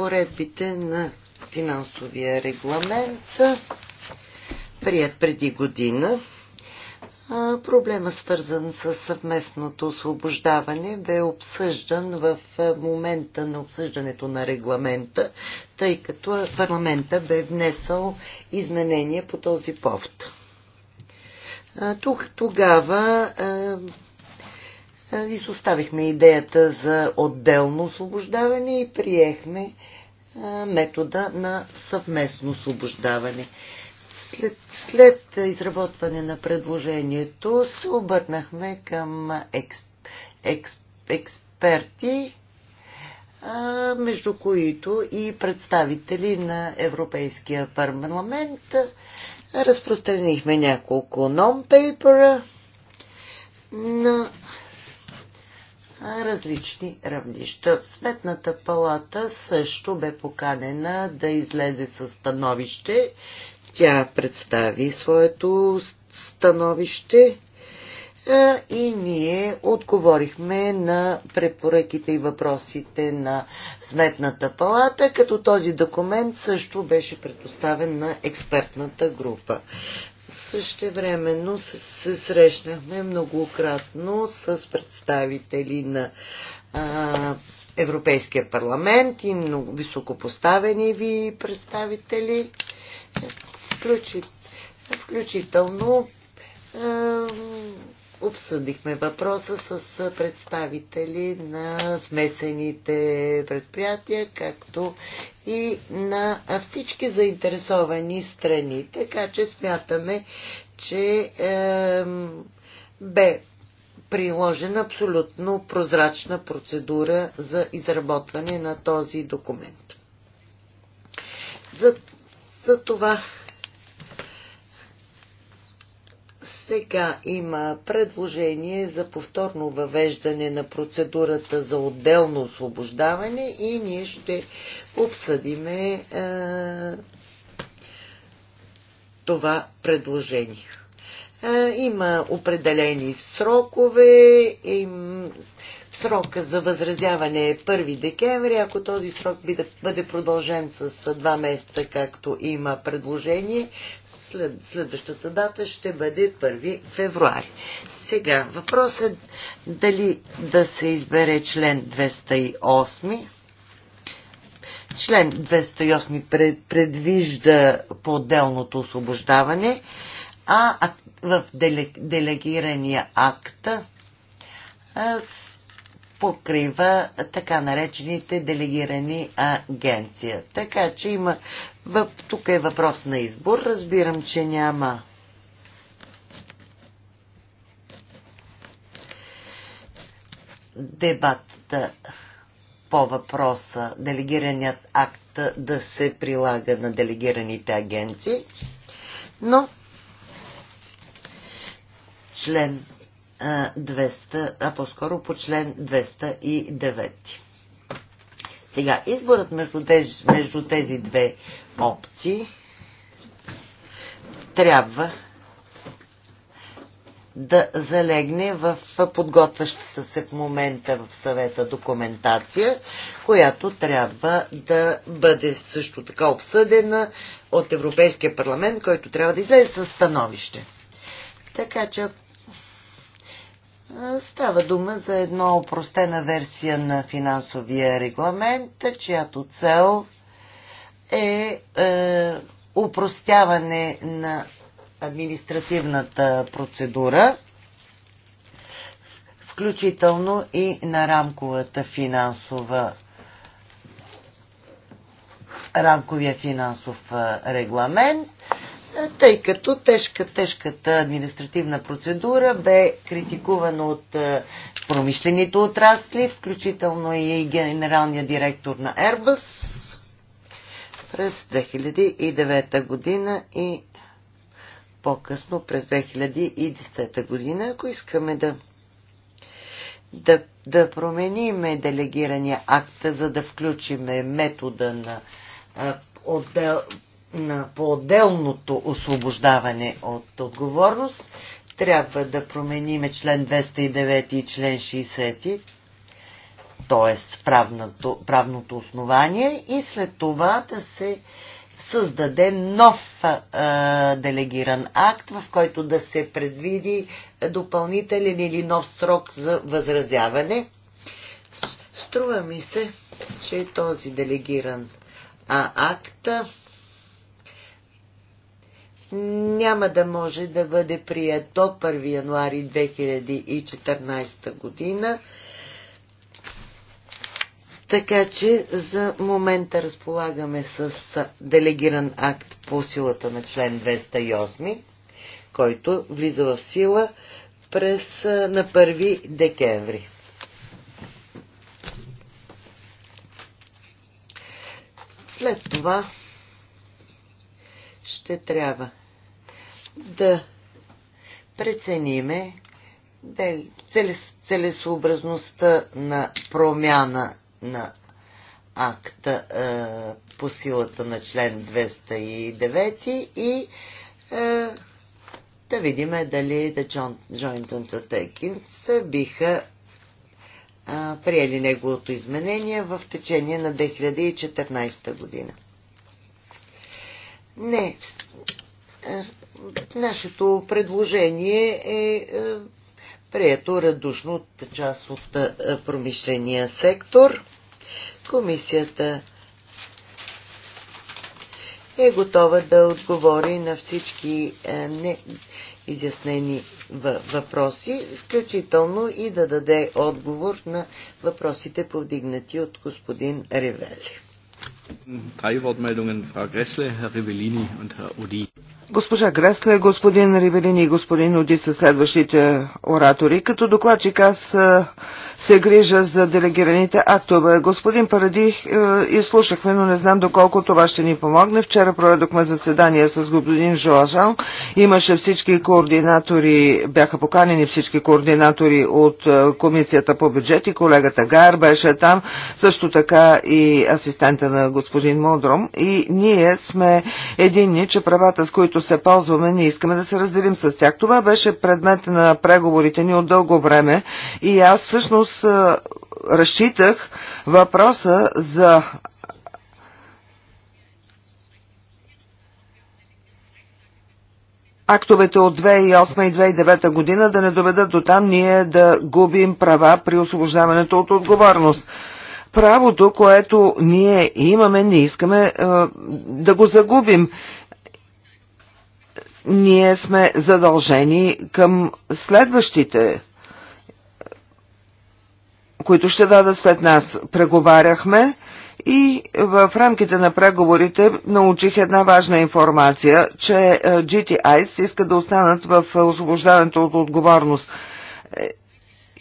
разпоредбите на финансовия регламент, прият преди година. Проблема свързан с съвместното освобождаване бе обсъждан в момента на обсъждането на регламента, тъй като парламента бе внесъл изменения по този повод. Тук тогава изоставихме идеята за отделно освобождаване и приехме метода на съвместно освобождаване. След, след изработване на предложението се обърнахме към експ, експ, експерти, между които и представители на Европейския парламент. Разпространихме няколко нон-пейпера на различни равнища. Сметната палата също бе поканена да излезе със становище. Тя представи своето становище и ние отговорихме на препоръките и въпросите на Сметната палата, като този документ също беше предоставен на експертната група времено се срещнахме многократно с представители на а, Европейския парламент и много високопоставени ви представители, включи, включително Обсъдихме въпроса с представители на смесените предприятия, както и на всички заинтересовани страни. Така че смятаме, че е, бе приложена абсолютно прозрачна процедура за изработване на този документ. За, за това Сега има предложение за повторно въвеждане на процедурата за отделно освобождаване и ние ще обсъдиме е, това предложение. Е, има определени срокове. Е, срока за възразяване е 1 декември. Ако този срок бъде, бъде продължен с 2 месеца, както има предложение, след, следващата дата ще бъде 1 февруари. Сега, въпросът е дали да се избере член 208. Член 208 предвижда по-отделното освобождаване, а в делегирания акт покрива така наречените делегирани агенция. Така че има Въп, тук е въпрос на избор. Разбирам, че няма дебат по въпроса делегираният акт да се прилага на делегираните агенции, но член 200, а по-скоро по член 209. Сега, изборът между тези, между тези две опции, трябва да залегне в подготвящата се в момента в съвета документация, която трябва да бъде също така обсъдена от Европейския парламент, който трябва да излезе със становище. Така че става дума за една опростена версия на финансовия регламент, чиято цел е, е упростяване на административната процедура, включително и на рамковата финансова рамковия финансов е, регламент, тъй като тежка, тежката административна процедура бе критикувана от е, промишлените отрасли, включително и генералния директор на Airbus, през 2009 година и по-късно през 2010 година, ако искаме да, да, да промениме делегирания акт, за да включиме метода на, а, отдел, на по-отделното освобождаване от отговорност, трябва да промениме член 209 и член 60 т.е. Правното, правното основание и след това да се създаде нов делегиран акт, в който да се предвиди допълнителен или нов срок за възразяване. Струва ми се, че този делегиран а, акт няма да може да бъде прият до 1 януари 2014 година така че за момента разполагаме с делегиран акт по силата на член 208, който влиза в сила през на 1 декември. След това ще трябва да прецениме целесообразността на промяна на акта е, по силата на член 209 и е, да видим дали The Joint Undertakings биха е, приели неговото изменение в течение на 2014 година. Не, е, нашето предложение е, е прието радушно от част от промишления сектор. Комисията е готова да отговори на всички е, неизяснени въпроси, включително и да даде отговор на въпросите повдигнати от господин Ревели. Госпожа Гресле, господин Ривелини и господин Оди са следващите оратори. Като докладчик аз е, се грижа за делегираните актове. Господин Паради, е, изслушахме, но не знам доколко това ще ни помогне. Вчера проведохме заседание с господин Жоажан. Имаше всички координатори, бяха поканени всички координатори от е, Комисията по бюджет и колегата Гар беше там, също така и асистента на господин господин Модром, и ние сме единни, че правата, с които се ползваме, не искаме да се разделим с тях. Това беше предмет на преговорите ни от дълго време и аз всъщност разчитах въпроса за актовете от 2008 и 2009 година да не доведат до там ние да губим права при освобождаването от отговорност правото, което ние имаме, не искаме е, да го загубим ние сме задължени към следващите, които ще дадат след нас. Преговаряхме и в рамките на преговорите научих една важна информация, че е, GTIs иска да останат в е, освобождаването от отговорност.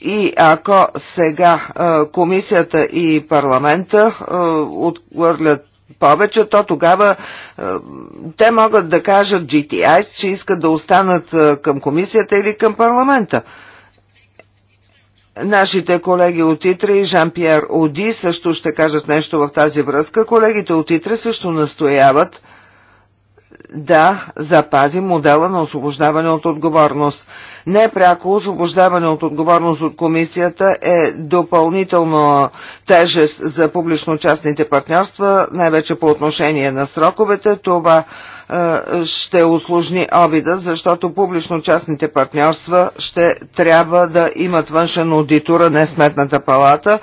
И ако сега комисията и парламента отхвърлят повече, то тогава те могат да кажат GTI, че искат да останат към комисията или към парламента. Нашите колеги от ИТРЕ и Жан-Пьер Оди също ще кажат нещо в тази връзка. Колегите от ИТРЕ също настояват да запази модела на освобождаване от отговорност. Непряко освобождаване от отговорност от комисията е допълнително тежест за публично-частните партньорства, най-вече по отношение на сроковете. Това е, ще усложни обида, защото публично-частните партньорства ще трябва да имат външен аудитора, не сметната палата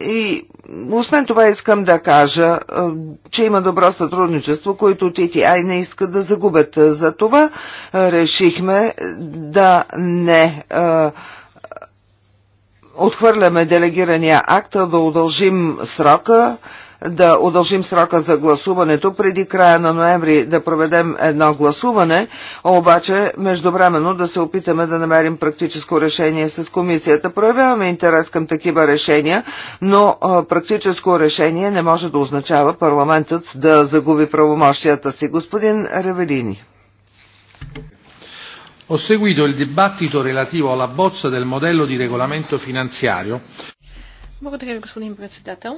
и освен това искам да кажа, е, че има добро сътрудничество, което TTI не иска да загубят. За това е, решихме да не е, отхвърляме делегирания акт, да удължим срока да удължим срока за гласуването преди края на ноември да проведем едно гласуване, обаче междувременно да се опитаме да намерим практическо решение с комисията. Проявяваме интерес към такива решения, но практическо решение не може да означава парламентът да загуби правомощията си. Господин Ревелини. Ho seguito il dibattito relativo alla bozza del modello di regolamento finanziario. Благодаря ви, господин председател.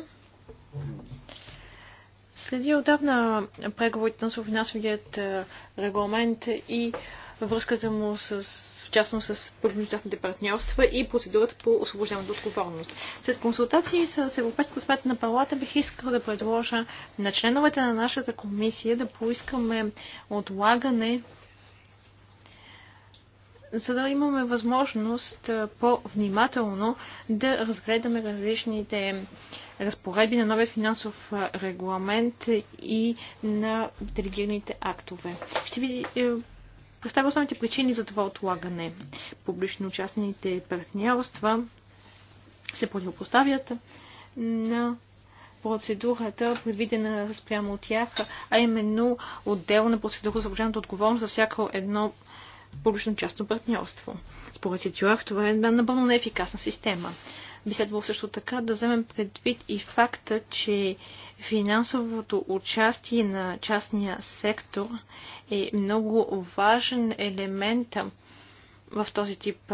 Следи отдавна преговорите на софинансовият е, регламент и връзката му с, в частност с публично партньорства и процедурата по освобождаване от отговорност. След консултации с Европейската сметна палата бих искал да предложа на членовете на нашата комисия да поискаме отлагане за да имаме възможност е, по-внимателно да разгледаме различните разпоредби на новият финансов регламент и на делегираните актове. Ще ви е, представя основните причини за това отлагане. Публично участните партньорства се противопоставят на процедурата, предвидена спрямо от тях, а именно отделна процедура за обжената отговорност за всяко едно публично-частно партньорство. Според Ситюах това е една напълно неефикасна система. Би следвало също така да вземем предвид и факта, че финансовото участие на частния сектор е много важен елемент в този тип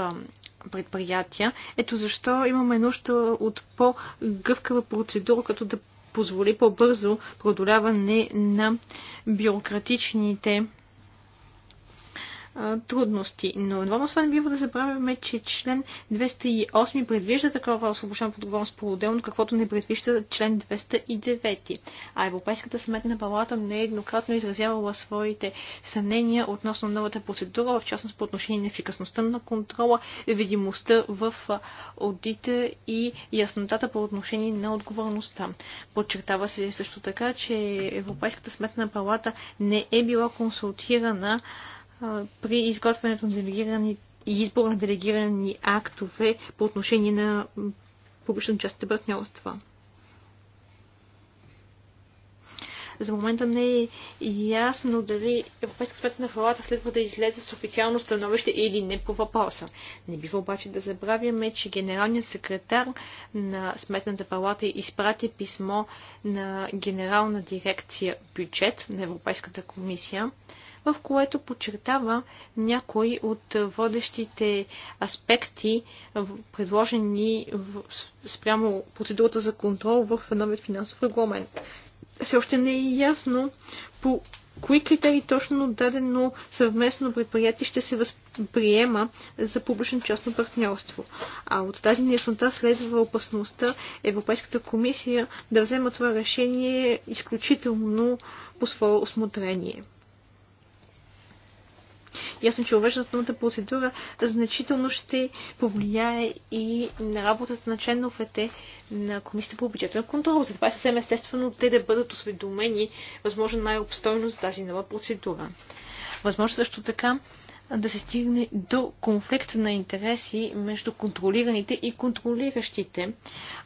предприятия. Ето защо имаме нужда от по-гъвкава процедура, като да позволи по-бързо продоляване на бюрократичните трудности. Но едва освен бива да забравяме, че член 208 предвижда такова освобождена подговорност по-отделно, каквото не предвижда член 209. А Европейската сметна палата нееднократно изразявала своите съмнения относно новата процедура, в частност по отношение на ефикасността на контрола, видимостта в аудита и яснотата по отношение на отговорността. Подчертава се също така, че Европейската сметна палата не е била консултирана при изготвянето на делегирани и избор на делегирани актове по отношение на публично-частните партньорства. За момента не е ясно дали Европейска сметна палата следва да излезе с официално становище или не по въпроса. Не бива обаче да забравяме, че генералният секретар на Сметната палата изпрати писмо на генерална дирекция бюджет на Европейската комисия, в което подчертава някои от водещите аспекти, предложени в, спрямо процедурата за контрол в новият финансов регламент. Все още не е ясно по кои критерии точно дадено съвместно предприятие ще се възприема за публично-частно партньорство. А от тази неяснота следва опасността Европейската комисия да взема това решение изключително по свое осмотрение. Ясно, че въвеждането процедура значително ще повлияе и на работата на членовете на Комисията по бюджетен контрол. Затова е съвсем естествено те да бъдат осведомени, възможно най-обстойно за тази нова процедура. Възможно също така да се стигне до конфликт на интереси между контролираните и контролиращите.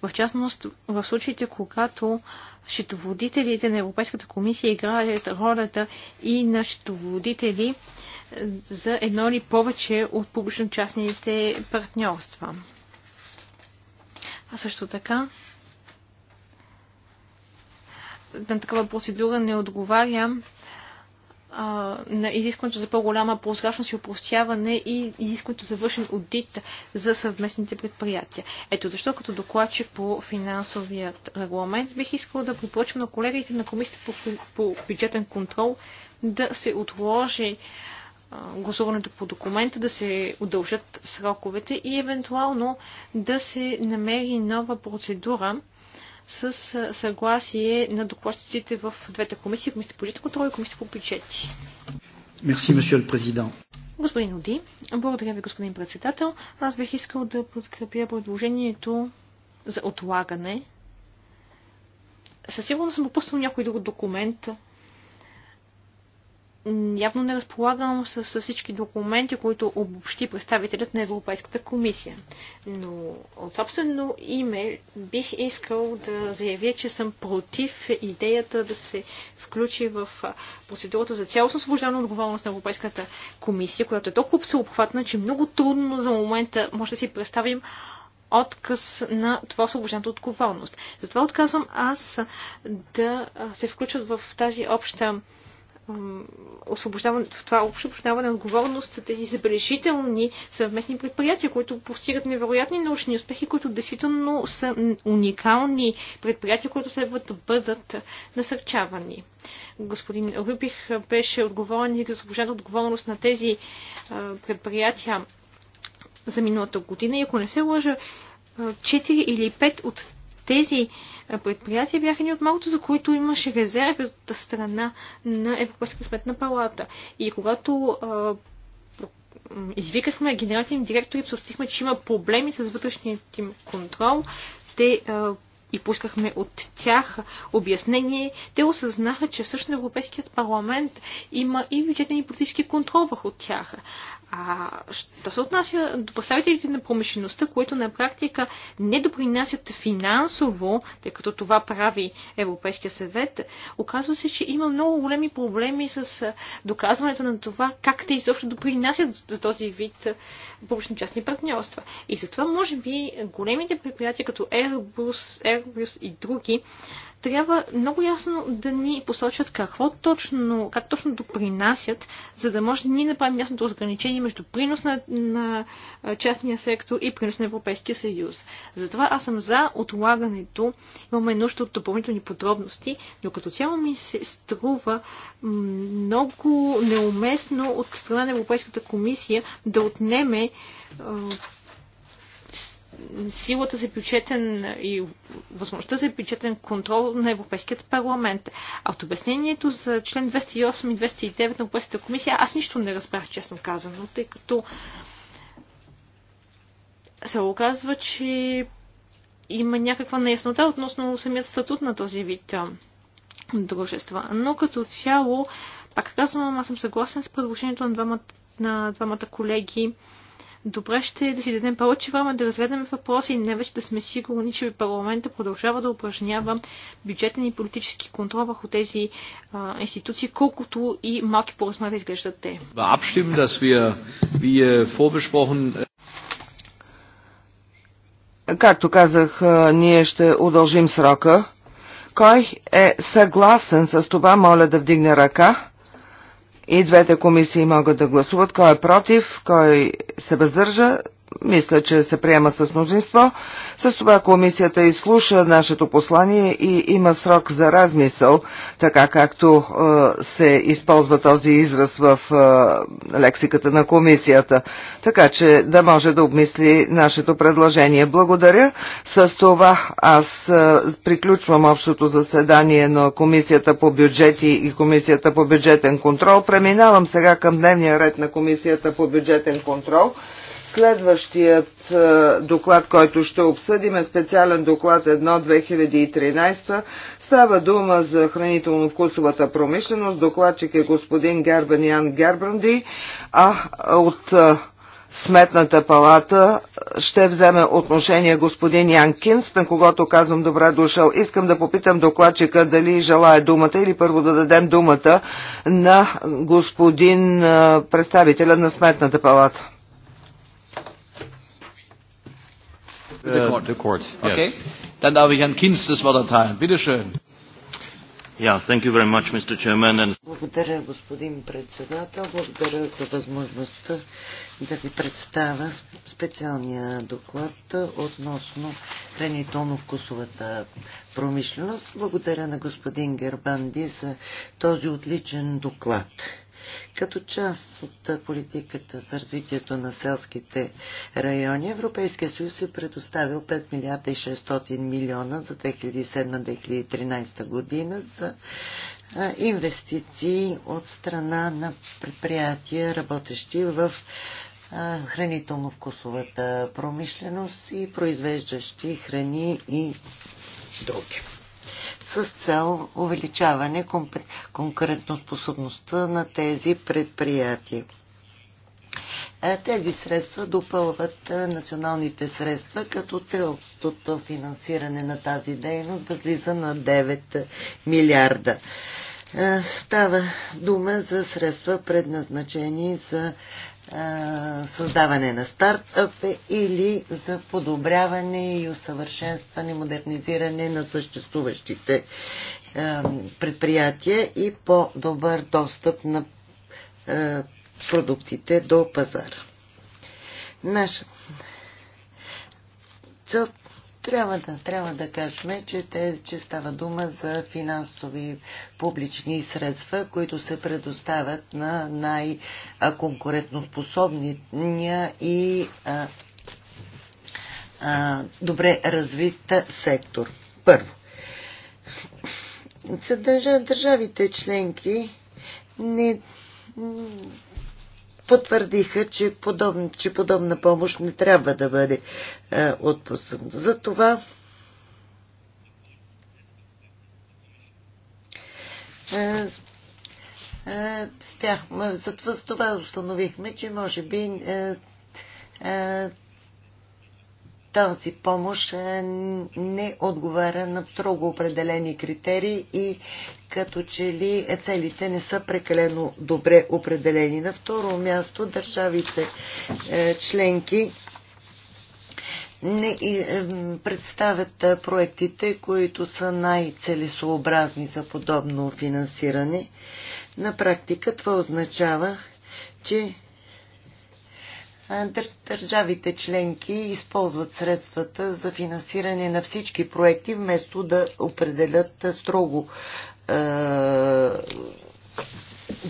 В частност, в случаите, когато счетоводителите на Европейската комисия играят ролята и на счетоводители за едно или повече от публично-частните партньорства. А също така, на такава процедура не отговаря а, на изискването за по-голяма прозрачност и упростяване и изискването за вършен аудит за съвместните предприятия. Ето защо като докладчик по финансовият регламент бих искал да препоръчам на колегите на Комисията по, по бюджетен контрол да се отложи а, гласуването по документа, да се удължат сроковете и евентуално да се намери нова процедура с съгласие на докладчиците в двете комисии, комисията по бюджетен контрол и комисията по бюджети. Мерси, месье президент. Господин Оди, благодаря ви, господин председател. Аз бих искал да подкрепя предложението за отлагане. Със сигурност съм пропуснал някой друг документ, явно не разполагам с, с всички документи, които обобщи представителят на Европейската комисия. Но от собствено име бих искал да заявя, че съм против идеята да се включи в процедурата за цялостно освобождаване отговорност на Европейската комисия, която е толкова всеобхватна, че много трудно за момента може да си представим отказ на това освобождената отговорност. Затова отказвам аз да се включат в тази обща освобождаването, в това общо освобождаване на отговорност за тези забележителни съвместни предприятия, които постигат невероятни научни успехи, които действително са уникални предприятия, които следва да бъдат насърчавани. Господин Рубих беше отговорен и за освобождаване отговорност на тези предприятия за миналата година и ако не се лъжа, 4 или 5 от тези предприятия бяха ни от малкото, за които имаше резерви от страна на Европейската сметна палата. И когато извикахме извикахме генерален директор и съобщихме, че има проблеми с вътрешният им контрол, те и пускахме от тях обяснение, те осъзнаха, че всъщност Европейският парламент има и бюджетен и политически контрол върху тях. А що се отнася до представителите на промишлеността, които на практика не допринасят финансово, тъй като това прави Европейския съвет, оказва се, че има много големи проблеми с доказването на това как те изобщо допринасят за този вид публично-частни партньорства. И затова, може би, големите предприятия като Airbus, Airbus и други трябва много ясно да ни посочат какво точно, как точно допринасят, за да може да ни направим ясното разграничение между принос на, на частния сектор и принос на Европейския съюз. Затова аз съм за отлагането. Имаме нужда от допълнителни подробности, но като цяло ми се струва много неуместно от страна на Европейската комисия да отнеме силата за бюджетен и възможността за бюджетен контрол на Европейският парламент. А от обяснението за член 208 и 209 на Европейската комисия аз нищо не разбрах, честно казано, тъй като се оказва, че има някаква неяснота относно самият статут на този вид дружества. Но като цяло, пак казвам, аз съм съгласен с предложението на двамата, на двамата колеги добре ще да си дадем повече време да разгледаме въпроси и не вече да сме сигурни, че парламента продължава да упражнява бюджетен и политически контрол върху тези а, институции, колкото и малки по размер да изглеждат те. Е, е, Както казах, е, ние ще удължим срока. Кой е съгласен с това, моля да вдигне ръка. И двете комисии могат да гласуват. Кой е против, кой се въздържа, мисля, че се приема с мнозинство. С това комисията изслуша нашето послание и има срок за размисъл, така както е, се използва този израз в е, лексиката на комисията, така че да може да обмисли нашето предложение. Благодаря. С това аз е, приключвам общото заседание на комисията по бюджети и комисията по бюджетен контрол. Преминавам сега към дневния ред на комисията по бюджетен контрол. Следващият е, доклад, който ще обсъдим е специален доклад 1-2013. Става дума за хранително-вкусовата промишленост. Докладчик е господин Гербен Ян Гербранди, а от е, Сметната палата ще вземе отношение господин Ян Кинс, на когото казвам добре дошъл. Искам да попитам докладчика дали желая думата или първо да дадем думата на господин е, представителя на Сметната палата. The court. Äh, The court. Yes. Okay. Dann darf ich Herrn Kinz das Wort erteilen. Bitte schön. Yeah, thank you very much, Mr. Chairman. And... Благодаря, господин председател. Благодаря за възможността да ви представя специалния доклад относно хранително-вкусовата промишленост. Благодаря на господин Гербанди за този отличен доклад. Като част от политиката за развитието на селските райони, Европейския съюз е предоставил 5 милиарда и 600 милиона за 2007-2013 година за инвестиции от страна на предприятия, работещи в хранително-вкусовата промишленост и произвеждащи храни и други с цел увеличаване конкурентоспособността на тези предприятия. Е, тези средства допълват е, националните средства, като цялото финансиране на тази дейност възлиза на 9 милиарда. Е, става дума за средства предназначени за създаване на стартъпе или за подобряване и усъвършенстване, модернизиране на съществуващите предприятия и по-добър достъп на продуктите до пазара. Наша цел, трябва да, трябва да кажем, че, те, че става дума за финансови публични средства, които се предоставят на най-конкурентоспособния и а, а, добре развит сектор. Първо. Съдържа държавите членки не потвърдиха, че, подобна, че подобна помощ не трябва да бъде е, отпусната. Затова е, е, спяхме, затова това установихме, че може би е, е, тази помощ е, не отговаря на строго определени критерии и като че ли целите не са прекалено добре определени. На второ място държавите е, членки не е, представят проектите, които са най-целесообразни за подобно финансиране. На практика това означава, че държавите членки използват средствата за финансиране на всички проекти, вместо да определят строго е,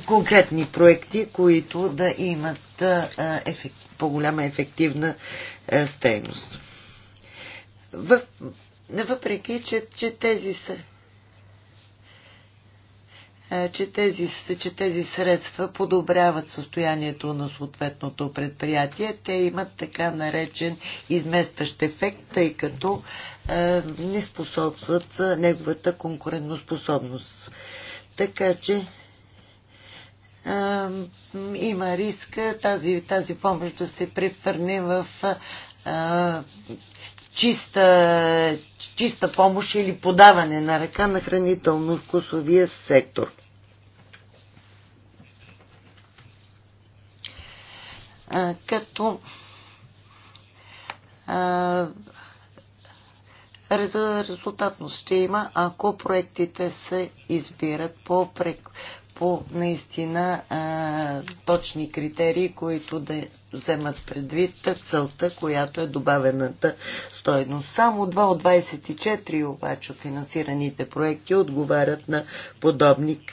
конкретни проекти, които да имат е, ефект, по-голяма ефективна е, стейност. въпреки, че, че тези са е, че тези, че тези средства подобряват състоянието на съответното предприятие. Те имат така наречен изместващ ефект, тъй като е, не способстват за е, неговата конкурентоспособност. Така че има риск тази, тази помощ да се превърне в а, чиста, чиста помощ или подаване на ръка на хранително-вкусовия сектор. като резултатност ще има, ако проектите се избират по, по наистина точни критерии, които да вземат предвид целта, която е добавената стойност. Само 2 от 24 обаче финансираните проекти отговарят на подобни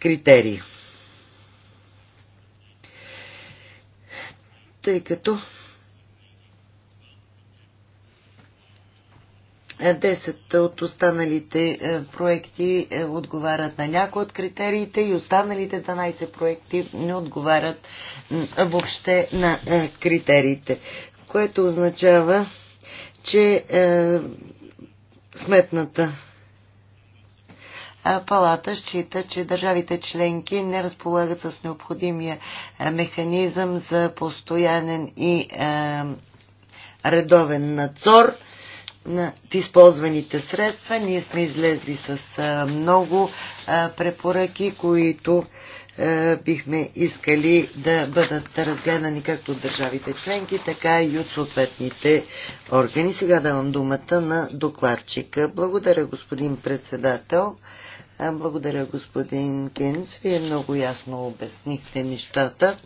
критерии. тъй като 10 от останалите е, проекти е, отговарят на някои от критериите и останалите 12 проекти не отговарят въобще на е, критериите, което означава, че сметната палата счита, че държавите членки не разполагат с необходимия механизъм за постоянен и редовен надзор на използваните средства. Ние сме излезли с много препоръки, които бихме искали да бъдат разгледани както от държавите членки, така и от съответните органи. Сега давам думата на докладчика. Благодаря, господин председател. Благодаря, господин Кенс. Вие много ясно обяснихте нещата.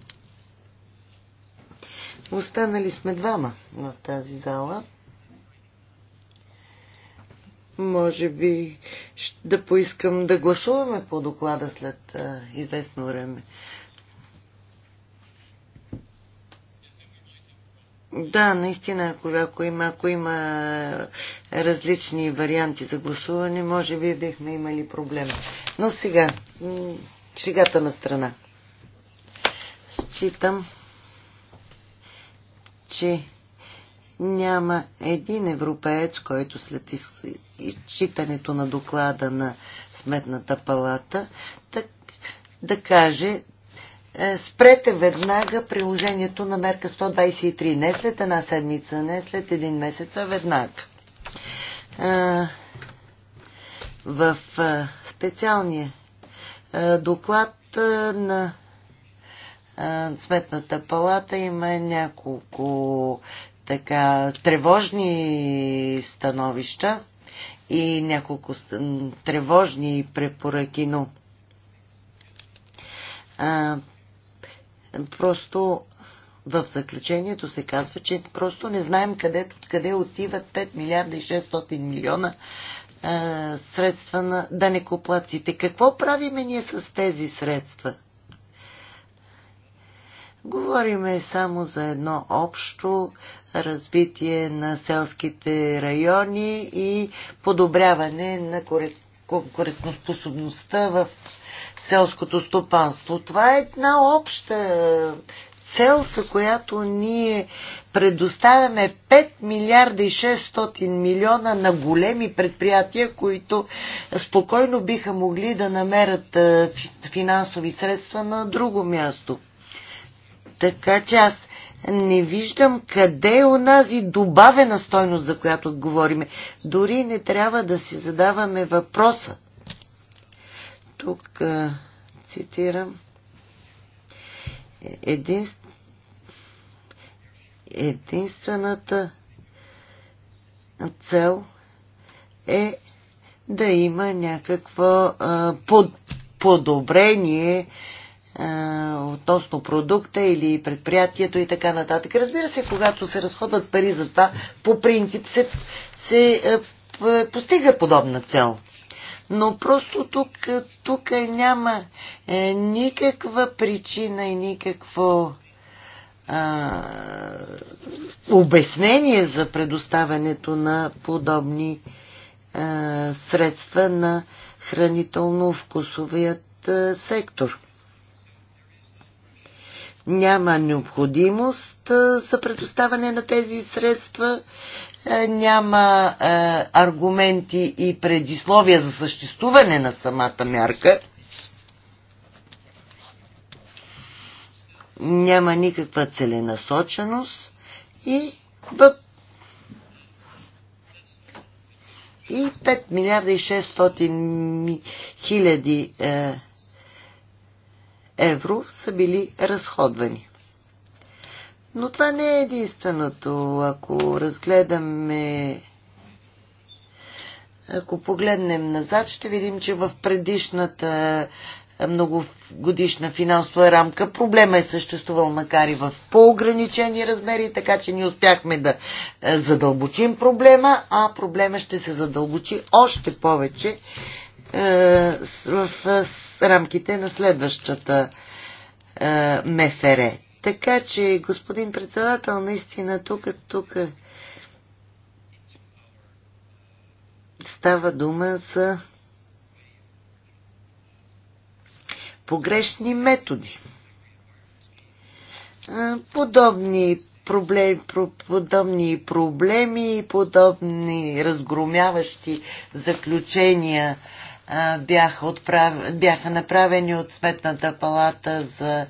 Останали сме двама в тази зала. Може би да поискам да гласуваме по доклада след известно време. Да, наистина, ако, ако, има, ако има различни варианти за гласуване, може би бихме имали проблем. Но сега, шегата на страна. Считам, че няма един европеец, който след изчитането на доклада на Сметната палата, так, да каже е, спрете веднага приложението на мерка 123. Не след една седмица, не след един месец, а веднага. Е, в е, специалния доклад на Сметната палата има няколко така тревожни становища и няколко тревожни препоръки, но Просто в заключението се казва, че просто не знаем къде, къде отиват 5 милиарда и 600 милиона а, средства на данекоплаците. Какво правиме ние с тези средства? Говориме само за едно общо развитие на селските райони и подобряване на конкурентоспособността в селското стопанство. Това е една обща е, цел, за която ние предоставяме 5 милиарда и 600 милиона на големи предприятия, които спокойно биха могли да намерят е, финансови средства на друго място. Така че аз не виждам къде е онази добавена стойност, за която говориме. Дори не трябва да си задаваме въпросът тук цитирам един, единствената цел е да има някакво а, под, подобрение а, относно продукта или предприятието и така нататък. Разбира се, когато се разходват пари за това, по принцип се, се а, постига подобна цел но просто тук, тук няма е, никаква причина и никакво а, обяснение за предоставянето на подобни а, средства на хранително-вкусовият сектор. Няма необходимост за предоставяне на тези средства. Е, няма е, аргументи и предисловия за съществуване на самата мярка. Няма никаква целенасоченост и в и 5 милиарда и 600 хиляди е, евро са били разходвани. Но това не е единственото. Ако разгледаме ако погледнем назад, ще видим, че в предишната многогодишна финансова рамка проблема е съществувал, макар и в по-ограничени размери, така че ни успяхме да е, задълбочим проблема, а проблема ще се задълбочи още повече е, в е, рамките на следващата МФР. Така че, господин председател, наистина тук, тук става дума за погрешни методи. Подобни проблеми, подобни проблеми, подобни разгромяващи заключения бяха, отправ... бяха направени от Сметната палата за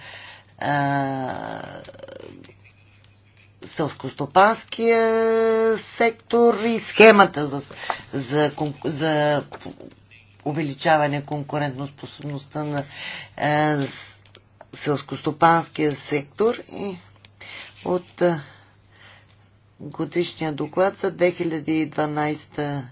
селскостопанския сектор и схемата за, за, за увеличаване конкурентоспособността на е, селскостопанския сектор и от е, годишния доклад за 2012 е,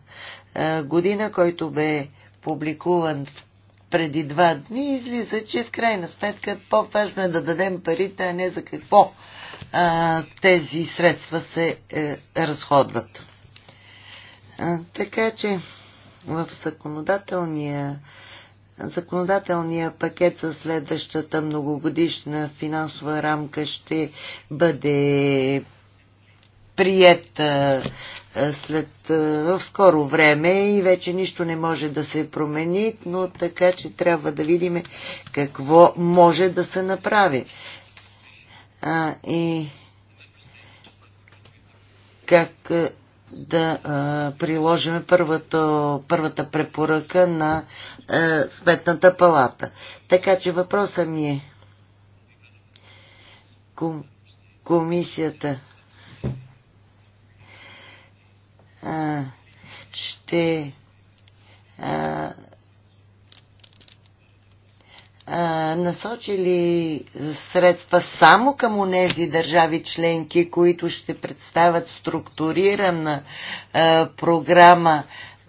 година, който бе публикуван в преди два дни, излиза, че в крайна сметка по-важно е да дадем парите, а не за какво а, тези средства се е, разходват. А, така че в законодателния законодателния пакет за следващата многогодишна финансова рамка ще бъде прият след в скоро време и вече нищо не може да се промени, но така, че трябва да видим какво може да се направи. А, и как да а, приложим първата, първата препоръка на а, Сметната палата. Така че въпросът ми е ком, комисията ще а, а, насочили средства само към онези държави членки, които ще представят структурирана а, програма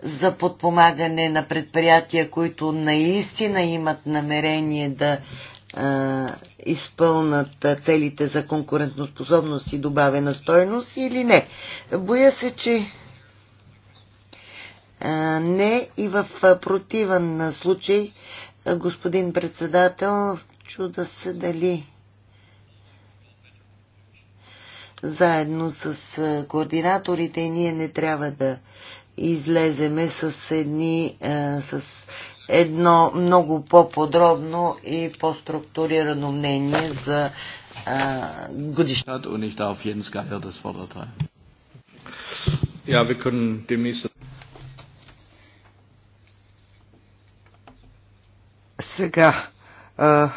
за подпомагане на предприятия, които наистина имат намерение да а, изпълнат целите за конкурентоспособност и добавена стойност или не. Боя се, че не и в противен случай, господин председател, чуда се дали заедно с координаторите ние не трябва да излеземе с, едни, с едно много по-подробно и по-структурирано мнение за годишната. Ja, wir können demnächst Сега, а,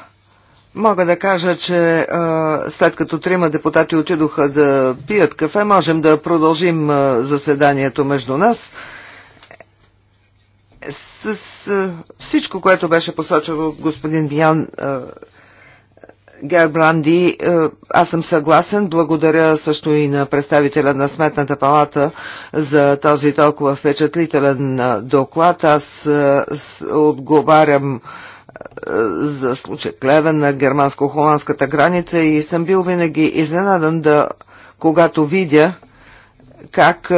мога да кажа, че а, след като трима депутати отидоха да пият кафе, можем да продължим а, заседанието между нас. С, с а, всичко, което беше посочено от господин Биян а, Гербранди, аз съм съгласен. Благодаря също и на представителя на Сметната палата за този толкова впечатлителен доклад. Аз отговарям за случай Клевен на германско-холандската граница и съм бил винаги изненадан да, когато видя как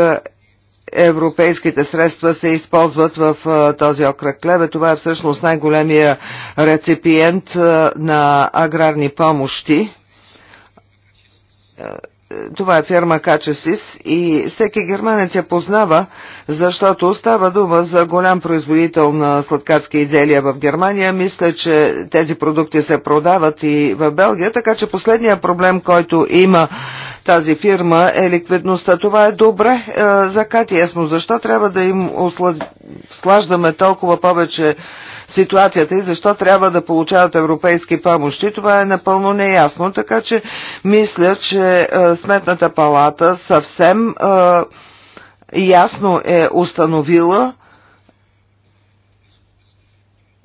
европейските средства се използват в този окръг Клеве. Това е всъщност най-големия реципиент на аграрни помощи това е фирма Качесис и всеки германец я познава, защото става дума за голям производител на сладкарски изделия в Германия. Мисля, че тези продукти се продават и в Белгия, така че последният проблем, който има тази фирма е ликвидността. Това е добре е, за Кати ясно. Защо трябва да им слаждаме толкова повече ситуацията и защо трябва да получават европейски помощи, това е напълно неясно. Така че мисля, че е, Сметната палата съвсем е, ясно е установила,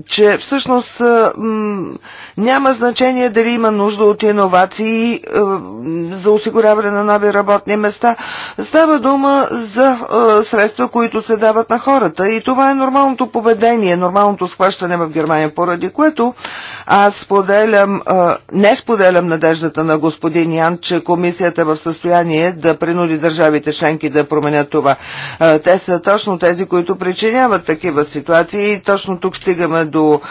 че всъщност няма значение дали има нужда от иновации за осигуряване на нови работни места. Става дума за средства, които се дават на хората. И това е нормалното поведение, нормалното схващане в Германия, поради което аз споделям, не споделям надеждата на господин Ян, че комисията е в състояние да принуди държавите членки да променят това. Те са точно тези, които причиняват такива ситуации и точно тук стигаме до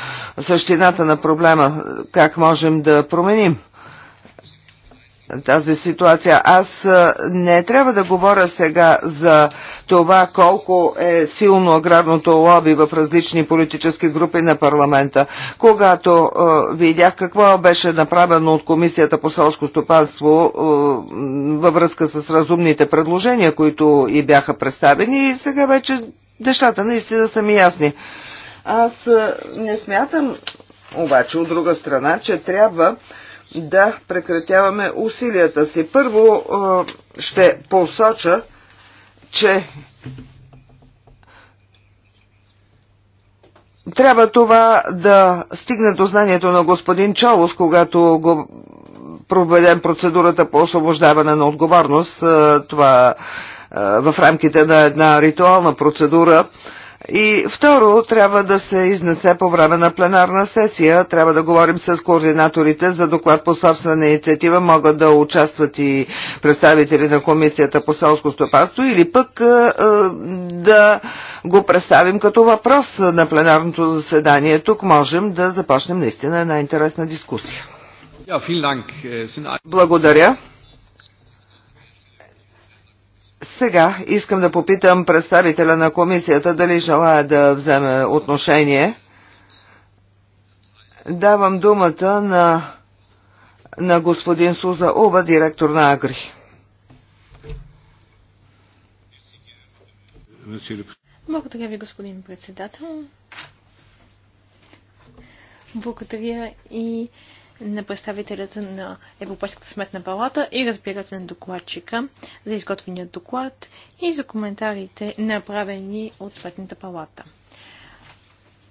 същината на проблема, как можем да променим тази ситуация. Аз не трябва да говоря сега за това колко е силно аграрното лоби в различни политически групи на парламента. Когато е, видях какво беше направено от Комисията по селско стопанство е, във връзка с разумните предложения, които и бяха представени, и сега вече нещата наистина са ми ясни. Аз не смятам обаче от друга страна, че трябва да прекратяваме усилията си. Първо ще посоча, че трябва това да стигне до знанието на господин Чолос, когато го проведем процедурата по освобождаване на отговорност. Това в рамките на една ритуална процедура и второ, трябва да се изнесе по време на пленарна сесия. Трябва да говорим с координаторите за доклад по собствена инициатива. Могат да участват и представители на Комисията по селско стопанство или пък е, е, да го представим като въпрос на пленарното заседание. Тук можем да започнем наистина една интересна дискусия. Äh, Благодаря. Сега искам да попитам представителя на комисията дали желая да вземе отношение. Давам думата на, на господин Суза Оба, директор на Агри. Благодаря ви, господин председател. Благодаря и на представителята на Европейската сметна палата и разбира се на докладчика за изготвения доклад и за коментарите направени от сметната палата.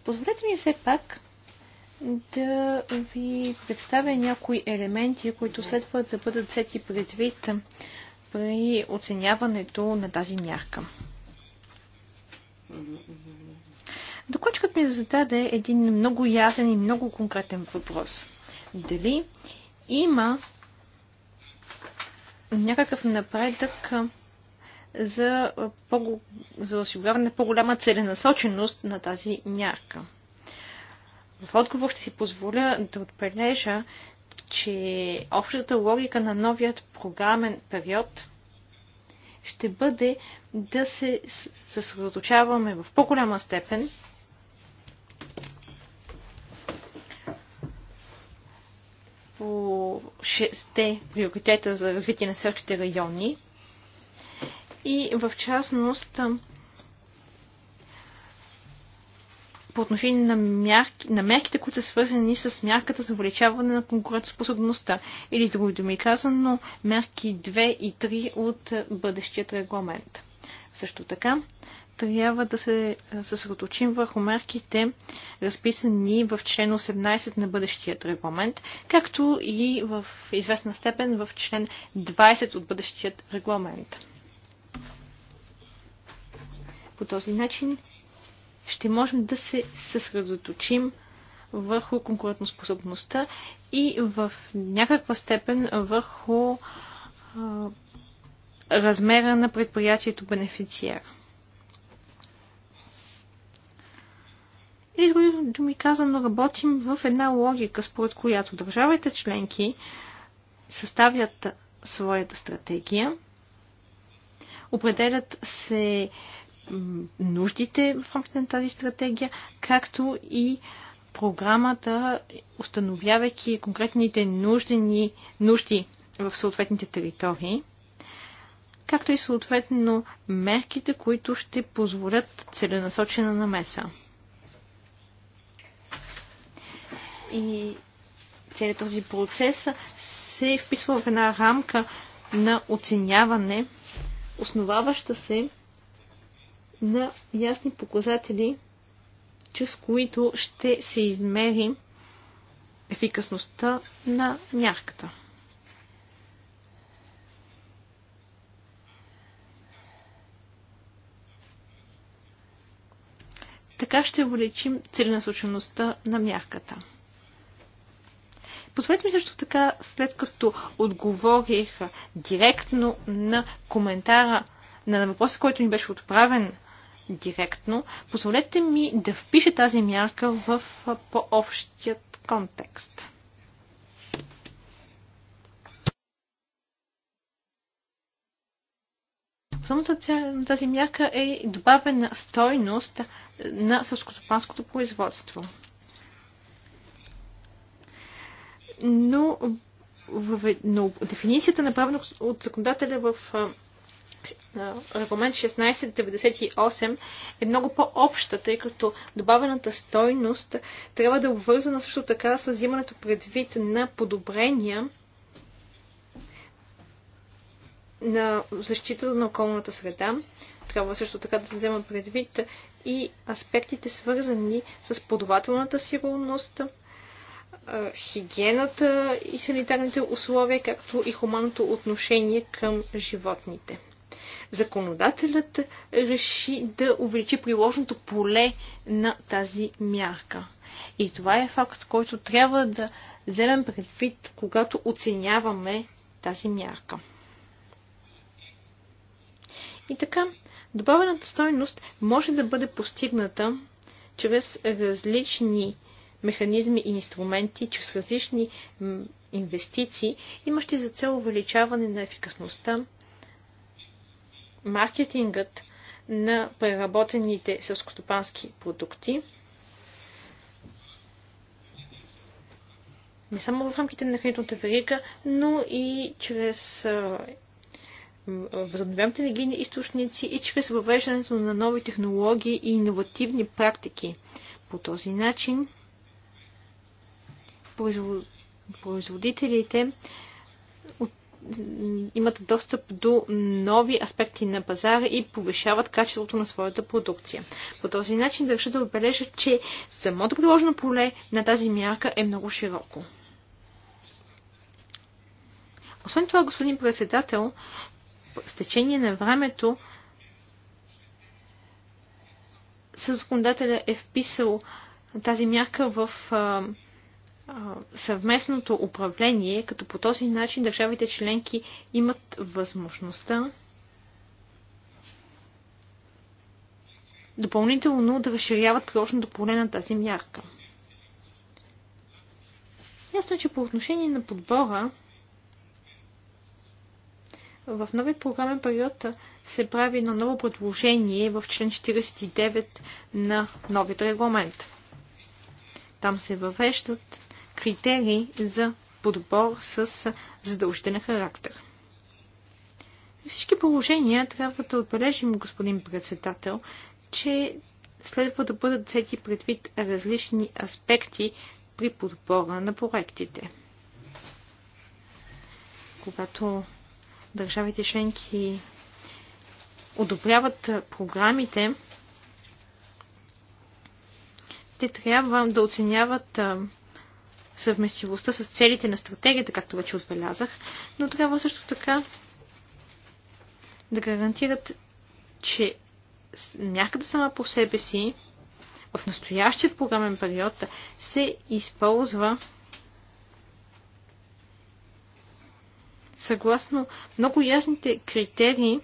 Позволете ми все пак да ви представя някои елементи, които следва да бъдат сети предвид при оценяването на тази мярка. Докладчикът ми зададе един много ясен и много конкретен въпрос дали има някакъв напредък за, по- за осигуряване на по-голяма целенасоченост на тази мярка. В отговор ще си позволя да отбележа, че общата логика на новият програмен период ще бъде да се съсредоточаваме в по-голяма степен по шесте приоритета за развитие на селските райони и в частност по отношение на, мярки, на мерките, които са свързани с мярката за увеличаване на конкурентоспособността или с други думи казано мерки 2 и 3 от бъдещият регламент. Също така трябва да е, се съсредоточим върху мерките, разписани в член 18 на бъдещият регламент, както и в известна степен в член 20 от бъдещият регламент. По този начин ще можем да се съсредоточим върху конкурентоспособността и в някаква степен върху размера на предприятието бенефициар. Или с други думи казано, работим в една логика, според която държавите членки съставят своята стратегия, определят се нуждите в рамките на тази стратегия, както и програмата, установявайки конкретните нуждени, нужди в съответните територии, както и съответно мерките, които ще позволят целенасочена намеса. и целият този процес се вписва в една рамка на оценяване, основаваща се на ясни показатели, чрез които ще се измери ефикасността на мярката. Така ще увеличим целенасочеността на мярката. Позволете ми също така, след като отговорих директно на коментара на въпроса, който ми беше отправен директно, позволете ми да впиша тази мярка в по-общият контекст. Основната цел на тази мярка е добавена стойност на сълскостопанското производство. но, в, но дефиницията направена от законодателя в регламент 1698 е много по-обща, тъй като добавената стойност трябва да е обвързана също така с взимането предвид на подобрения на защита на околната среда. Трябва също така да се взема предвид и аспектите свързани с подавателната сигурност, хигиената и санитарните условия, както и хуманното отношение към животните. Законодателят реши да увеличи приложното поле на тази мярка. И това е факт, който трябва да вземем предвид, когато оценяваме тази мярка. И така, добавената стойност може да бъде постигната чрез различни механизми и инструменти чрез различни инвестиции, имащи за цел увеличаване на ефикасността, маркетингът на преработените селскостопански продукти, не само в рамките на хранителната верига, но и чрез възобновяемите енергийни източници и чрез въвеждането на нови технологии и иновативни практики. По този начин производителите от имат достъп до нови аспекти на пазара и повишават качеството на своята продукция. По този начин държа да отбележа, че самото приложено поле на тази мярка е много широко. Освен това, господин председател, с течение на времето със законодателя е вписал тази мярка в съвместното управление, като по този начин държавите членки имат възможността допълнително да разширяват приложното поле на тази мярка. Ясно е, че по отношение на подбора в новия програмен период се прави едно ново предложение в член 49 на новият регламент. Там се въвеждат критерии за подбор с задължителен характер. При всички положения трябва да отбележим, господин председател, че следва да бъдат взети предвид различни аспекти при подбора на проектите. Когато държавите членки одобряват програмите, те трябва да оценяват съвместивостта с целите на стратегията, както вече отбелязах, но трябва също така да гарантират, че мярката сама по себе си в настоящият програмен период се използва съгласно много ясните критерии,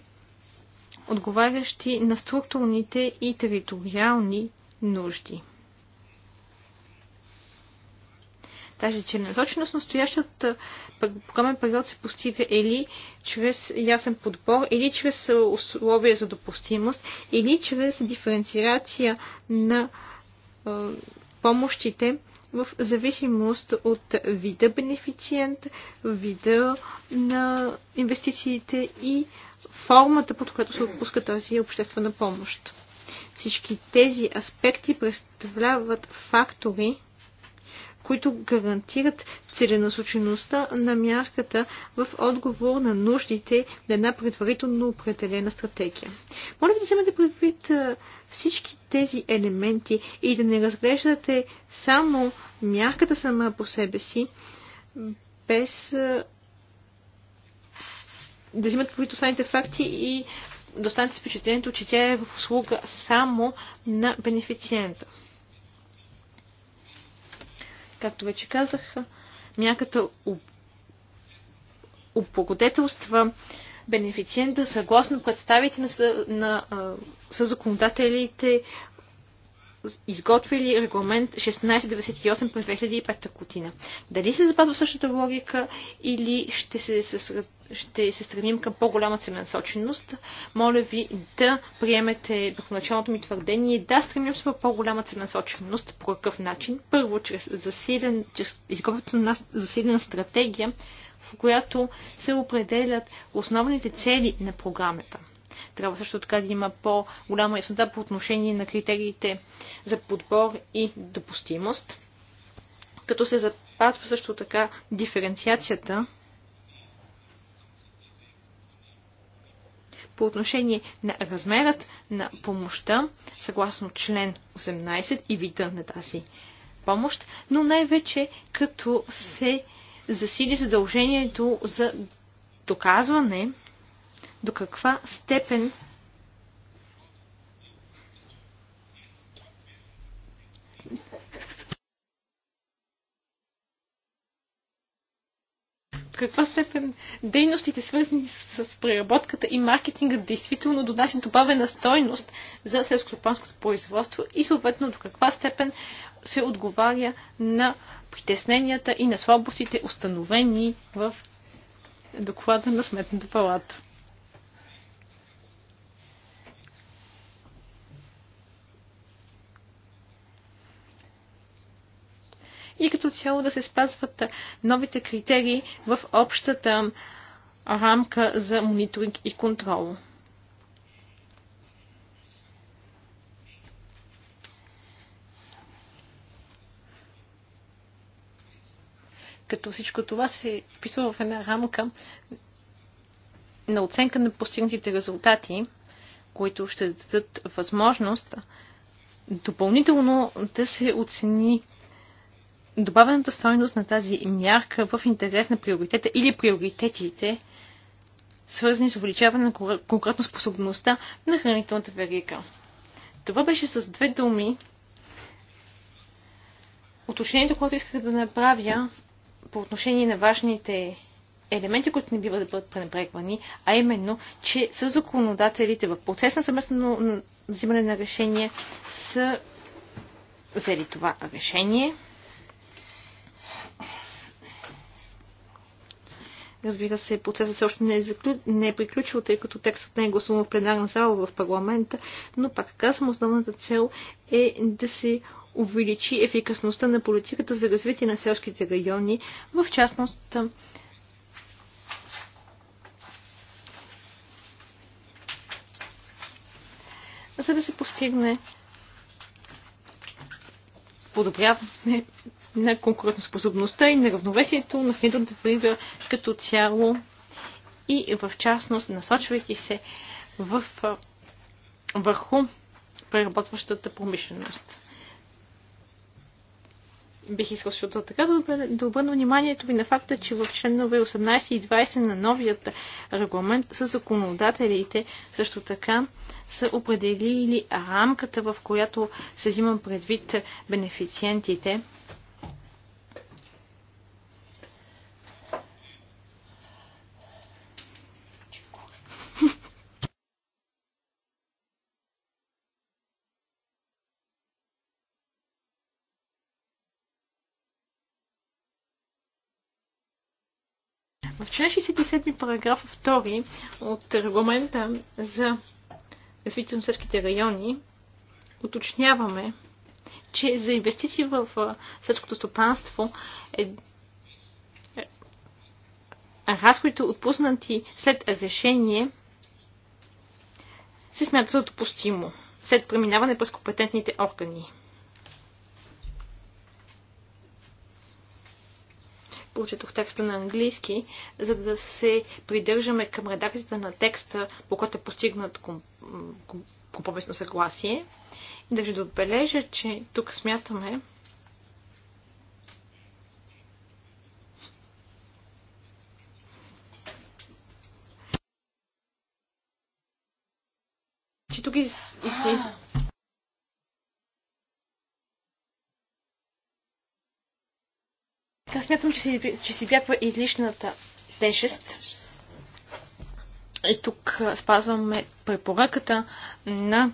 отговарящи на структурните и териториални нужди. Тази целенасоченост настоящият програмен период се постига или чрез ясен подбор, или чрез условия за допустимост, или чрез диференциация на помощите в зависимост от вида бенефициент, вида на инвестициите и формата, под която се отпуска тази обществена помощ. Всички тези аспекти представляват фактори, които гарантират целенасочеността на мярката в отговор на нуждите на една предварително определена стратегия. Моля да вземете предвид всички тези елементи и да не разглеждате само мярката сама по себе си, без да взимат предвид останалите факти и да останете с впечатлението, че тя е в услуга само на бенефициента. Както вече казах, мяката облагодетелства бенефициента съгласно представите на, на, на съзаконодателите изготвили регламент 1698 през 2005 година. Дали се запазва същата логика или ще се, ще се стремим към по-голяма целенасоченост? Моля ви да приемете първоначалното ми твърдение. Да, стремим се към по-голяма целенасоченост. По какъв начин? Първо, чрез, засилен, чрез изготвянето на засилена стратегия, в която се определят основните цели на програмата. Трябва също така да има по-голяма яснота по отношение на критериите за подбор и допустимост, като се запазва също така диференциацията по отношение на размерът на помощта, съгласно член 18 и вида на тази помощ, но най-вече като се засили задължението за доказване до каква степен каква степен дейностите, свързани с, преработката и маркетинга, действително донасят добавена стойност за селскостопанското производство и съответно до каква степен се отговаря на притесненията и на слабостите, установени в доклада на Сметната палата. и като цяло да се спазват новите критерии в общата рамка за мониторинг и контрол. Като всичко това се вписва в една рамка на оценка на постигнатите резултати, които ще дадат възможност допълнително да се оцени добавената стойност на тази мярка в интерес на приоритета или приоритетите, свързани с увеличаване на конкретно способността на хранителната верига. Това беше с две думи уточнението, което исках да направя по отношение на важните елементи, които не бива да бъдат пренебрегвани, а именно, че с законодателите в процес на съместно взимане на решение са взели това решение. Разбира се, процесът все още не е, заклю... не е приключил, тъй като текстът не е гласуван в пленарна зала в парламента, но пак казвам, основната цел е да се увеличи ефикасността на политиката за развитие на селските райони, в частност за да се постигне подобряване на конкурентоспособността и на равновесието на в верига като цяло и в частност насочвайки се в, върху преработващата промишленост. Бих искал също така да обърна вниманието ви на факта, че в членове 18 и 20 на новият регламент с законодателите също така са определили рамката, в която се взима предвид бенефициентите чл. 67 параграф 2 от регламента за развитие на селските райони уточняваме, че за инвестиции в селското стопанство е, е разходите отпуснати след решение се смятат за допустимо след преминаване през компетентните органи. прочетох текста на английски, за да се придържаме към редакцията на текста, по който е постигнат компромисно съгласие. Държа да отбележа, че тук смятаме, смятам, че си, че си бягва излишната тежест. И тук спазваме препоръката на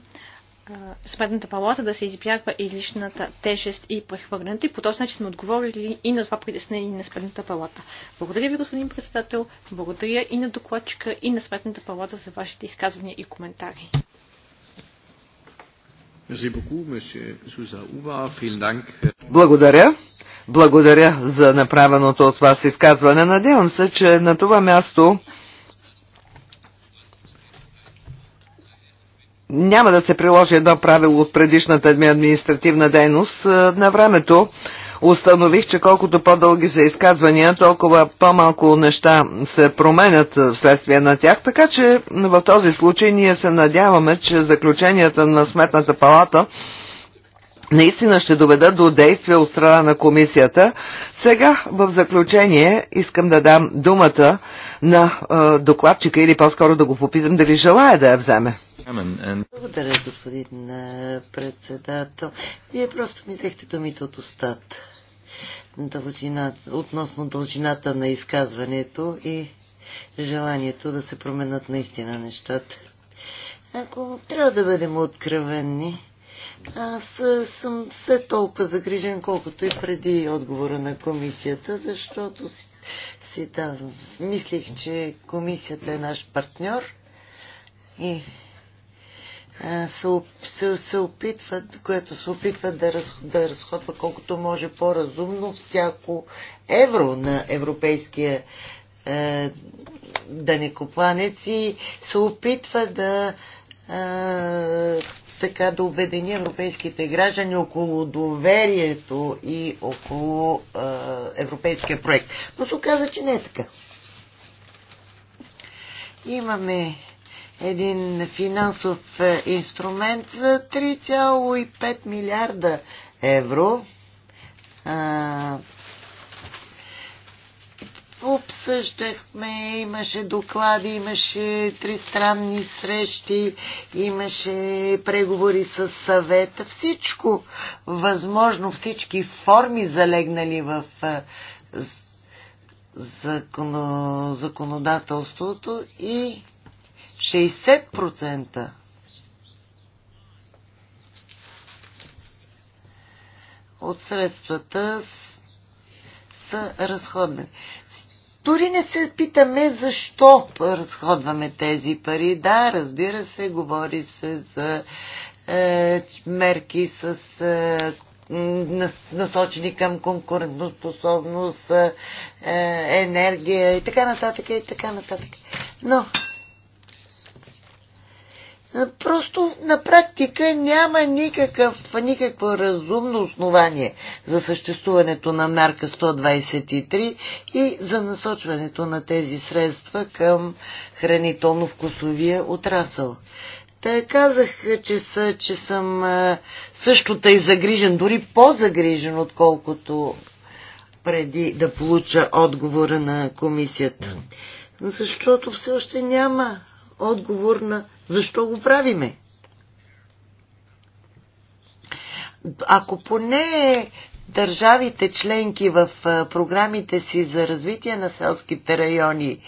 Сметната палата да се избягва излишната тежест и прехвърлянето и по този начин сме отговорили и на това притеснение на Сметната палата. Благодаря ви, господин председател, благодаря и на докладчика и на Сметната палата за вашите изказвания и коментари. Благодаря. Благодаря за направеното от вас изказване. Надявам се, че на това място няма да се приложи едно правило от предишната ми административна дейност. Е, на времето установих, че колкото по-дълги са изказвания, толкова по-малко неща се променят вследствие на тях, така че в този случай ние се надяваме, че заключенията на Сметната палата наистина ще доведат до действия от страна на комисията. Сега, в заключение, искам да дам думата на е, докладчика или по-скоро да го попитам дали желая да я вземе. Благодаря, господин председател. Вие просто ми взехте думите от устата дължината, относно дължината на изказването и желанието да се променят наистина нещата. Ако трябва да бъдем откровенни, аз съм все толкова загрижен, колкото и преди отговора на комисията, защото си, си да, мислих, че комисията е наш партньор и се, се, се опитват, което се опитват да, раз, да разходва колкото може по-разумно всяко евро на европейския е, данекопланец и се опитва да е, така да обедини европейските граждани около доверието и около е, европейския проект. Но се оказа, че не е така. Имаме един финансов инструмент за 3,5 милиарда евро. А, обсъждахме, имаше доклади, имаше тристранни срещи, имаше преговори с съвета, всичко възможно, всички форми залегнали в законо, законодателството и 60% от средствата са разходни. Дори не се питаме защо разходваме тези пари. Да, разбира се, говори се за е, мерки с е, насочени към конкурентоспособност, е, енергия и така нататък и така нататък. Но е, просто на практика няма никакъв, никакво разумно основание за съществуването на мярка 123 и за насочването на тези средства към хранително-вкусовия отрасъл. Та казах, че, са, че съм е, също тъй загрижен, дори по-загрижен, отколкото преди да получа отговора на комисията. Защото все още няма отговор на защо го правиме. Ако поне държавите членки в програмите си за развитие на селските райони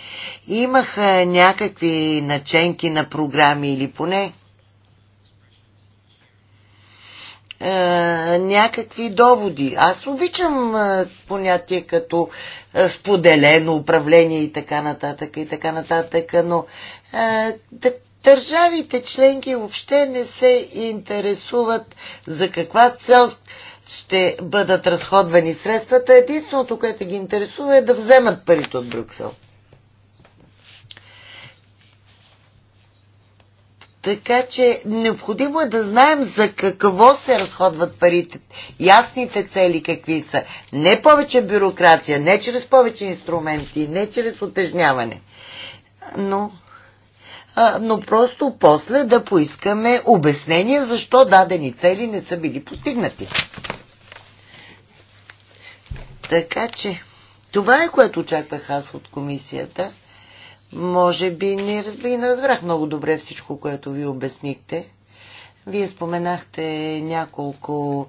имаха някакви наченки на програми или поне е, някакви доводи. Аз обичам е, понятие като е, споделено управление и така нататък и така нататък, но държавите членки въобще не се интересуват за каква цел ще бъдат разходвани средствата. Единственото, което ги интересува е да вземат парите от Брюксел. Така че необходимо е да знаем за какво се разходват парите, ясните цели какви са. Не повече бюрокрация, не чрез повече инструменти, не чрез отежняване. Но но просто после да поискаме обяснение защо дадени цели не са били постигнати. Така че, това е което очаквах аз от комисията. Може би не, разбих, не разбрах много добре всичко, което ви обяснихте. Вие споменахте няколко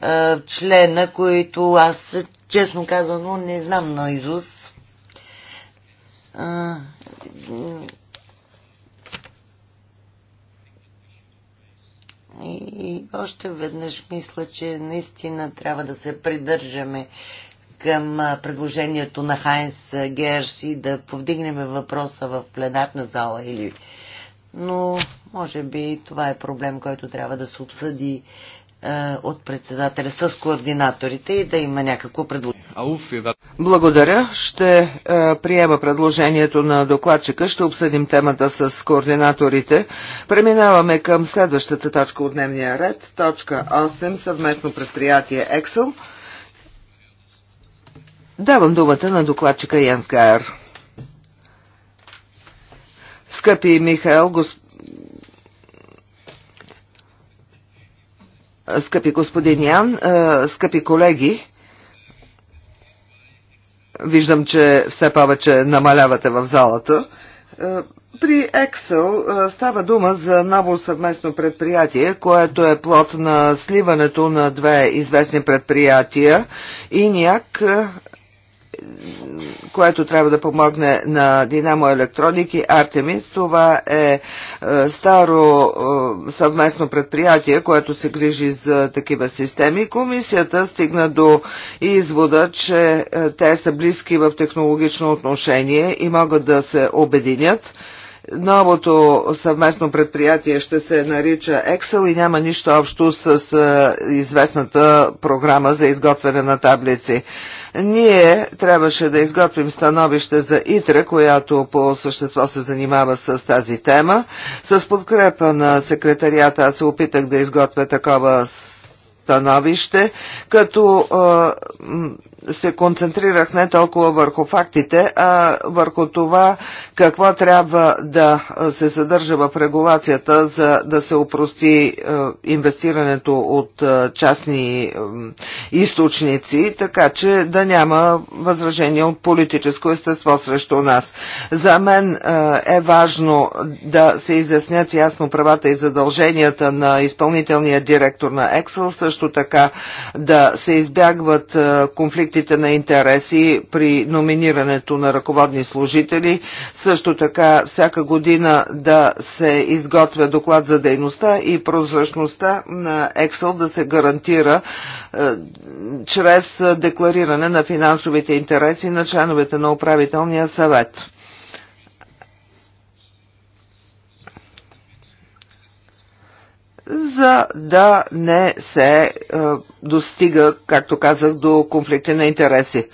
а, члена, които аз, честно казано, не знам на изус. И, и още веднъж мисля, че наистина трябва да се придържаме към предложението на Хайнс Герш и да повдигнем въпроса в пленарна зала или... Но може би това е проблем, който трябва да се обсъди е, от председателя с координаторите и да има някакво предложение. Е Благодаря. Ще е, приема предложението на докладчика. Ще обсъдим темата с координаторите. Преминаваме към следващата точка от дневния ред. Точка 8. Съвместно предприятие Ексел. Давам думата на докладчика Янс Гайер. Скъпи Михаил, господин скъпи господин Ян, скъпи колеги. Виждам, че все повече намалявате в залата. При Excel става дума за ново съвместно предприятие, което е плод на сливането на две известни предприятия. ИНИАК което трябва да помогне на Динамо Електроники Артемис. Артемид. Това е, е старо е, съвместно предприятие, което се грижи за такива системи. Комисията стигна до извода, че е, те са близки в технологично отношение и могат да се обединят. Новото съвместно предприятие ще се нарича Excel и няма нищо общо с известната програма за изготвяне на таблици. Ние трябваше да изготвим становище за ИТРА, която по същество се занимава с тази тема. С подкрепа на секретарията аз се опитах да изготвя такова становище, като се концентрирах не толкова върху фактите, а върху това какво трябва да се съдържа в регулацията, за да се опрости е, инвестирането от е, частни е, източници, така че да няма възражение от политическо естество срещу нас. За мен е важно да се изяснят ясно правата и задълженията на изпълнителния директор на Excel, също така да се избягват конфликти конфликтите на интереси при номинирането на ръководни служители, също така всяка година да се изготвя доклад за дейността и прозрачността на Excel да се гарантира е, чрез е, деклариране на финансовите интереси на членовете на управителния съвет. за да не се е, достига, както казах, до конфликти на интереси.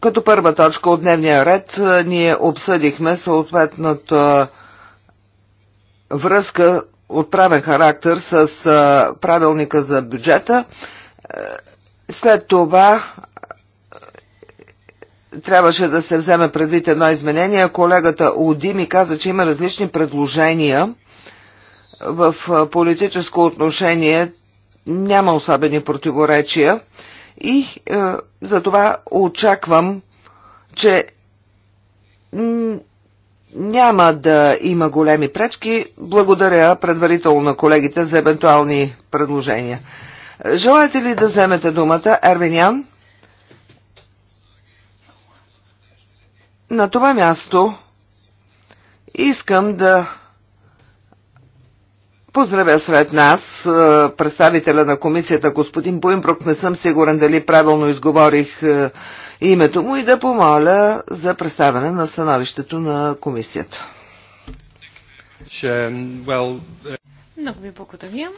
Като първа точка от дневния ред е, ние обсъдихме съответната връзка от правен характер с е, правилника за бюджета. След това трябваше да се вземе предвид едно изменение. Колегата Оди ми каза, че има различни предложения в политическо отношение няма особени противоречия и е, затова очаквам, че няма да има големи пречки. Благодаря предварително на колегите за евентуални предложения. Желаете ли да вземете думата, Ервинян? На това място искам да Поздравя сред нас е, представителя на комисията господин Буимбрук. Не съм сигурен дали правилно изговорих е, името му и да помоля за представяне на становището на комисията. Е. Много ви благодаря.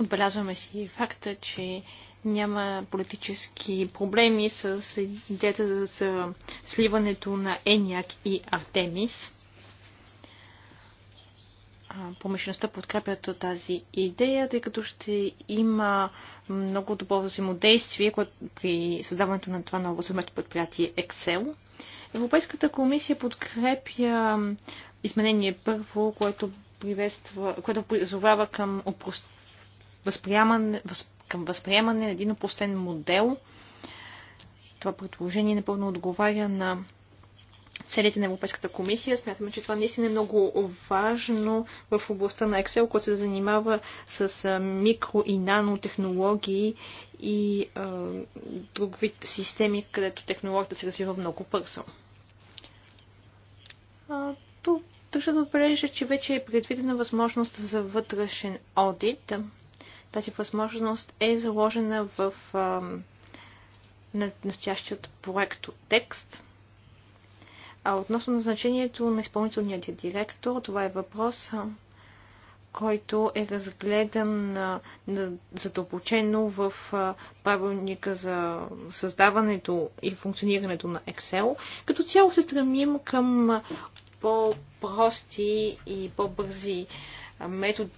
Отбелязваме си факта, че няма политически проблеми с идеята за, сливането на Еняк и Артемис. Помешността подкрепят тази идея, тъй като ще има много добро взаимодействие при създаването на това ново съвместно предприятие Excel. Европейската комисия подкрепя изменение първо, което приветства, което призовава към възприемане, въз, към възприемане на един опустен модел. Това предложение напълно отговаря на целите на Европейската комисия. Смятаме, че това наистина е много важно в областта на Excel, който се занимава с микро и нанотехнологии и е, друг вид системи, където технологията се развива много бързо. Тук държа да отбележа, че вече е предвидена възможност за вътрешен одит. Тази възможност е заложена в настоящият проект текст. А относно назначението на изпълнителния директор, това е въпрос, който е разгледан задълбочено в правилника за създаването и функционирането на Excel. Като цяло се стремим към по-прости и по-бързи методи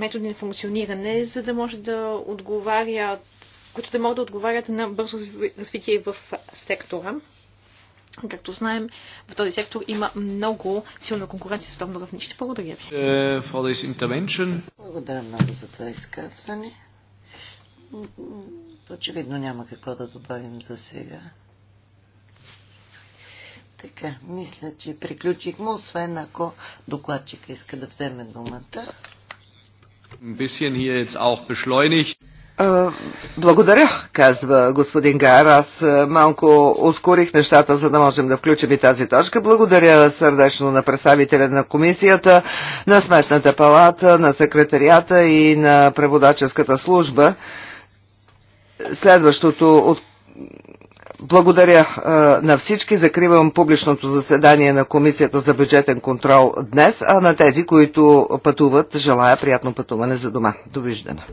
методи на функциониране, за да може да отговарят, които да могат да отговарят на бързо развитие в сектора. Както знаем, в този сектор има много силна конкуренция в световно равнище. Благодаря ви. Е, Благодаря много за това изказване. Очевидно няма какво да добавим за сега. Така, мисля, че приключихме, освен ако докладчика иска да вземе думата. Благодаря, казва господин Гар. Аз малко ускорих нещата, за да можем да включим и тази точка. Благодаря сърдечно на представителя на комисията, на Сметната палата, на секретарията и на преводаческата служба. Следващото от благодаря е, на всички. Закривам публичното заседание на Комисията за бюджетен контрол днес, а на тези, които пътуват, желая приятно пътуване за дома. Довиждане.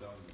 down.